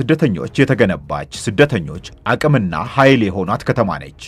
ስደተኞች የተገነባች ስደተኞች አቅምና ኃይል የሆኗት ከተማ ነች።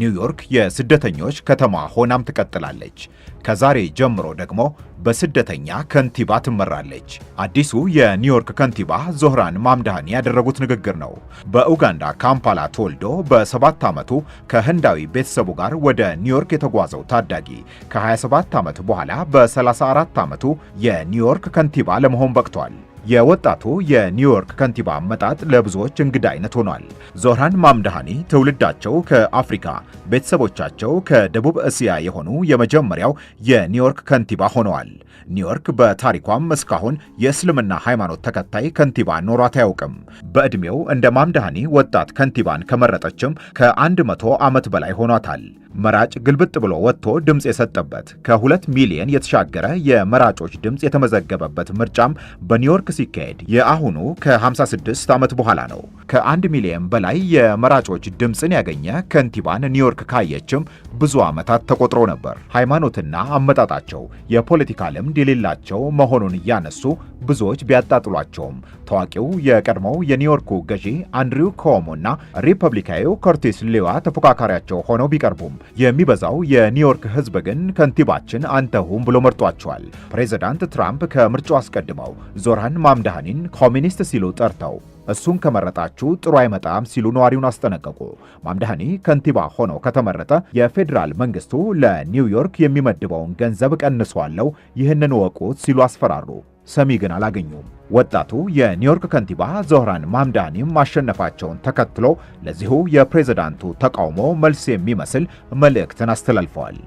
ኒውዮርክ የስደተኞች ከተማ ሆናም ትቀጥላለች። ከዛሬ ጀምሮ ደግሞ በስደተኛ ከንቲባ ትመራለች። አዲሱ የኒውዮርክ ከንቲባ ዞህራን ማምዳኒ ያደረጉት ንግግር ነው። በኡጋንዳ ካምፓላ ተወልዶ በሰባት ዓመቱ ከህንዳዊ ቤተሰቡ ጋር ወደ ኒውዮርክ የተጓዘው ታዳጊ ከ27 ዓመት በኋላ በ34 ዓመቱ የኒውዮርክ ከንቲባ ለመሆን በቅቷል። የወጣቱ የኒውዮርክ ከንቲባ አመጣጥ ለብዙዎች እንግዳ አይነት ሆኗል። ዞህራን ማምዳሃኒ ትውልዳቸው ከአፍሪካ ቤተሰቦቻቸው ከደቡብ እስያ የሆኑ የመጀመሪያው የኒውዮርክ ከንቲባ ሆነዋል። ኒውዮርክ በታሪኳም እስካሁን የእስልምና ሃይማኖት ተከታይ ከንቲባ ኖሯት አያውቅም። በዕድሜው እንደ ማምዳሃኒ ወጣት ከንቲባን ከመረጠችም ከአንድ መቶ ዓመት በላይ ሆኗታል። መራጭ ግልብጥ ብሎ ወጥቶ ድምፅ የሰጠበት ከሁለት ሚሊየን የተሻገረ የመራጮች ድምፅ የተመዘገበበት ምርጫም በኒውዮርክ ሲካሄድ የአሁኑ ከ56 ዓመት በኋላ ነው። ከ ከ1 ሚሊዮን በላይ የመራጮች ድምፅን ያገኘ ከንቲባን ኒውዮርክ ካየችም ብዙ ዓመታት ተቆጥሮ ነበር። ሃይማኖትና አመጣጣቸው የፖለቲካ ልምድ የሌላቸው መሆኑን እያነሱ ብዙዎች ቢያጣጥሏቸውም ታዋቂው የቀድሞው የኒውዮርኩ ገዢ አንድሪው ኮሞና ሪፐብሊካዊው ኮርቲስ ሌዋ ተፎካካሪያቸው ሆነው ቢቀርቡም የሚበዛው የኒውዮርክ ሕዝብ ግን ከንቲባችን አንተሁም ብሎ መርጧቸዋል። ፕሬዚዳንት ትራምፕ ከምርጫው አስቀድመው ዞራን አምዳሃኒን ኮሚኒስት ሲሉ ጠርተው እሱን ከመረጣችሁ ጥሩ አይመጣም ሲሉ ነዋሪውን አስጠነቀቁ። ማምዳህኒ ከንቲባ ሆኖ ከተመረጠ የፌዴራል መንግስቱ ለኒውዮርክ የሚመድበውን ገንዘብ ቀንሷለሁ፣ ይህንን ወቁት ሲሉ አስፈራሩ። ሰሚ ግን አላገኙም። ወጣቱ የኒውዮርክ ከንቲባ ዞህራን ማምዳኒም ማሸነፋቸውን ተከትሎ ለዚሁ የፕሬዝዳንቱ ተቃውሞ መልስ የሚመስል መልእክትን አስተላልፈዋል።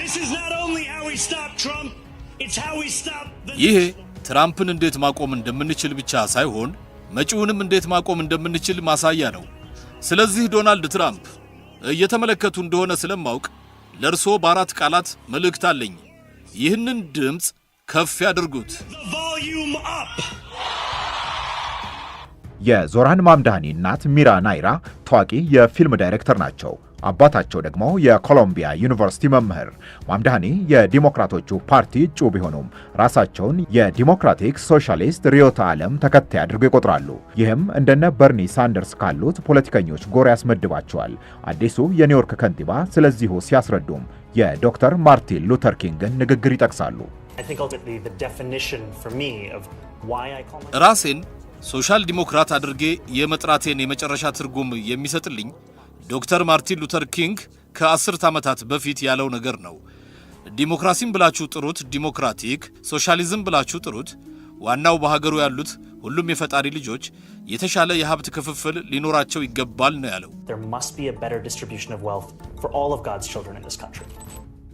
This is not only how we stop Trump ይሄ ትራምፕን እንዴት ማቆም እንደምንችል ብቻ ሳይሆን መጪውንም እንዴት ማቆም እንደምንችል ማሳያ ነው። ስለዚህ ዶናልድ ትራምፕ እየተመለከቱ እንደሆነ ስለማውቅ ለእርሶ በአራት ቃላት መልእክት አለኝ። ይህንን ድምፅ ከፍ ያድርጉት። የዞራን ማምዳኒ እናት ሚራ ናይራ ታዋቂ የፊልም ዳይሬክተር ናቸው። አባታቸው ደግሞ የኮሎምቢያ ዩኒቨርሲቲ መምህር ማምዳኒ የዲሞክራቶቹ ፓርቲ እጩ ቢሆኑም ራሳቸውን የዲሞክራቲክ ሶሻሊስት ርዕዮተ ዓለም ተከታይ አድርገው ይቆጥራሉ። ይህም እንደነ በርኒ ሳንደርስ ካሉት ፖለቲከኞች ጎር ያስመድባቸዋል። አዲሱ የኒውዮርክ ከንቲባ ስለዚሁ ሲያስረዱም የዶክተር ማርቲን ሉተር ኪንግን ንግግር ይጠቅሳሉ። ራሴን ሶሻል ዲሞክራት አድርጌ የመጥራቴን የመጨረሻ ትርጉም የሚሰጥልኝ ዶክተር ማርቲን ሉተር ኪንግ ከአስርት ዓመታት በፊት ያለው ነገር ነው። ዲሞክራሲም ብላችሁ ጥሩት፣ ዲሞክራቲክ ሶሻሊዝም ብላችሁ ጥሩት። ዋናው በሀገሩ ያሉት ሁሉም የፈጣሪ ልጆች የተሻለ የሀብት ክፍፍል ሊኖራቸው ይገባል ነው ያለው።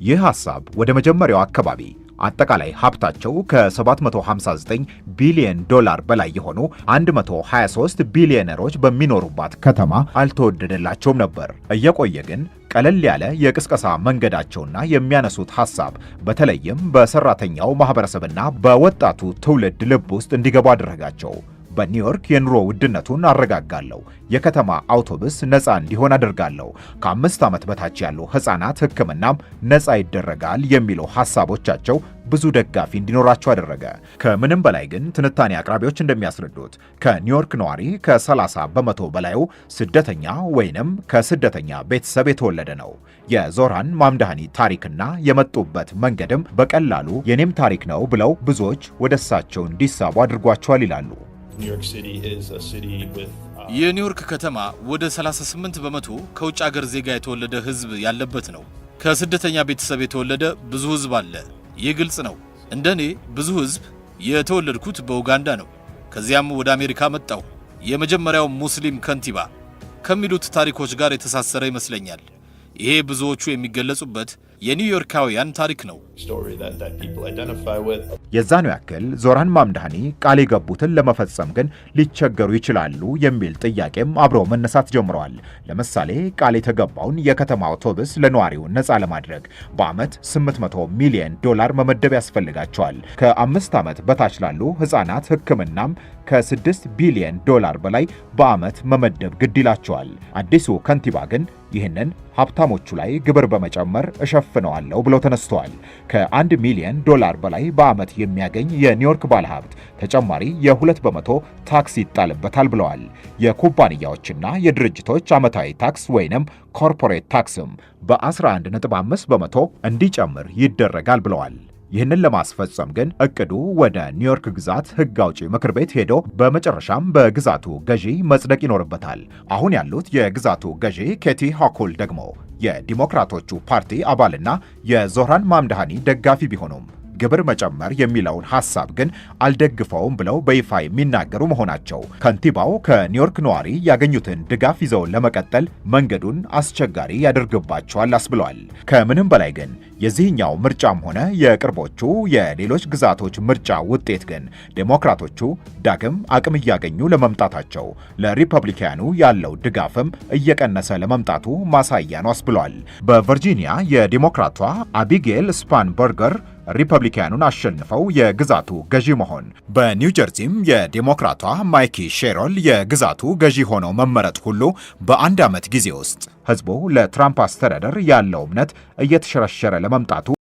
ይህ ሐሳብ ወደ መጀመሪያው አካባቢ አጠቃላይ ሀብታቸው ከ759 ቢሊዮን ዶላር በላይ የሆኑ 123 ቢሊዮነሮች በሚኖሩባት ከተማ አልተወደደላቸውም ነበር። እየቆየ ግን ቀለል ያለ የቅስቀሳ መንገዳቸውና የሚያነሱት ሐሳብ በተለይም በሰራተኛው ማህበረሰብና በወጣቱ ትውልድ ልብ ውስጥ እንዲገቡ አደረጋቸው። በኒውዮርክ የኑሮ ውድነቱን አረጋጋለሁ። የከተማ አውቶቡስ ነፃ እንዲሆን አድርጋለሁ ከአምስት ዓመት በታች ያሉ ሕፃናት ሕክምናም ነፃ ይደረጋል የሚለው ሐሳቦቻቸው ብዙ ደጋፊ እንዲኖራቸው አደረገ። ከምንም በላይ ግን ትንታኔ አቅራቢዎች እንደሚያስረዱት ከኒውዮርክ ነዋሪ ከ30 በመቶ በላዩ ስደተኛ ወይንም ከስደተኛ ቤተሰብ የተወለደ ነው። የዞራን ማምዳኒ ታሪክና የመጡበት መንገድም በቀላሉ የኔም ታሪክ ነው ብለው ብዙዎች ወደ እሳቸው እንዲሳቡ አድርጓቸዋል ይላሉ። Uh, የኒውዮርክ ከተማ ወደ 38 በመቶ ከውጭ አገር ዜጋ የተወለደ ህዝብ ያለበት ነው። ከስደተኛ ቤተሰብ የተወለደ ብዙ ህዝብ አለ። ይህ ግልጽ ነው። እንደ እኔ ብዙ ህዝብ የተወለድኩት በኡጋንዳ ነው። ከዚያም ወደ አሜሪካ መጣሁ። የመጀመሪያው ሙስሊም ከንቲባ ከሚሉት ታሪኮች ጋር የተሳሰረ ይመስለኛል። ይሄ ብዙዎቹ የሚገለጹበት የኒውዮርካውያን ታሪክ ነው። የዛኑ ያክል ዞራን ማምዳኒ ቃል የገቡትን ለመፈጸም ግን ሊቸገሩ ይችላሉ የሚል ጥያቄም አብረው መነሳት ጀምረዋል። ለምሳሌ ቃል የተገባውን የከተማ አውቶብስ ለነዋሪው ነፃ ለማድረግ በዓመት 800 ሚሊዮን ዶላር መመደብ ያስፈልጋቸዋል። ከአምስት ዓመት በታች ላሉ ሕፃናት ሕክምናም ከ6 ቢሊዮን ዶላር በላይ በዓመት መመደብ ግድ ይላቸዋል። አዲሱ ከንቲባ ግን ይህንን ሀብታሞቹ ላይ ግብር በመጨመር እሸፍ እሸፍነዋለሁ ብለው ተነስተዋል። ከአንድ ሚሊዮን ዶላር በላይ በዓመት የሚያገኝ የኒውዮርክ ባለሀብት ተጨማሪ የሁለት በመቶ ታክስ ይጣልበታል ብለዋል። የኩባንያዎችና የድርጅቶች ዓመታዊ ታክስ ወይንም ኮርፖሬት ታክስም በ11.5 በመቶ እንዲጨምር ይደረጋል ብለዋል። ይህንን ለማስፈጸም ግን እቅዱ ወደ ኒውዮርክ ግዛት ህግ አውጪ ምክር ቤት ሄዶ በመጨረሻም በግዛቱ ገዢ መጽደቅ ይኖርበታል። አሁን ያሉት የግዛቱ ገዢ ኬቲ ሆኩል ደግሞ የዲሞክራቶቹ ፓርቲ አባልና የዞህራን ማምድሃኒ ደጋፊ ቢሆኑም ግብር መጨመር የሚለውን ሀሳብ ግን አልደግፈውም ብለው በይፋ የሚናገሩ መሆናቸው ከንቲባው ከኒውዮርክ ነዋሪ ያገኙትን ድጋፍ ይዘው ለመቀጠል መንገዱን አስቸጋሪ ያደርግባቸዋል አስብለዋል። ከምንም በላይ ግን የዚህኛው ምርጫም ሆነ የቅርቦቹ የሌሎች ግዛቶች ምርጫ ውጤት ግን ዴሞክራቶቹ ዳግም አቅም እያገኙ ለመምጣታቸው ለሪፐብሊካኑ ያለው ድጋፍም እየቀነሰ ለመምጣቱ ማሳያ ነው አስብሏል። በቨርጂኒያ የዴሞክራቷ አቢጌል ስፓንበርገር ሪፐብሊካኑን አሸንፈው የግዛቱ ገዢ መሆን፣ በኒውጀርዚም የዴሞክራቷ ማይኪ ሼሮል የግዛቱ ገዢ ሆነው መመረጥ ሁሉ በአንድ ዓመት ጊዜ ውስጥ ህዝቡ ለትራምፕ አስተዳደር ያለው እምነት እየተሸረሸረ ለመምጣቱ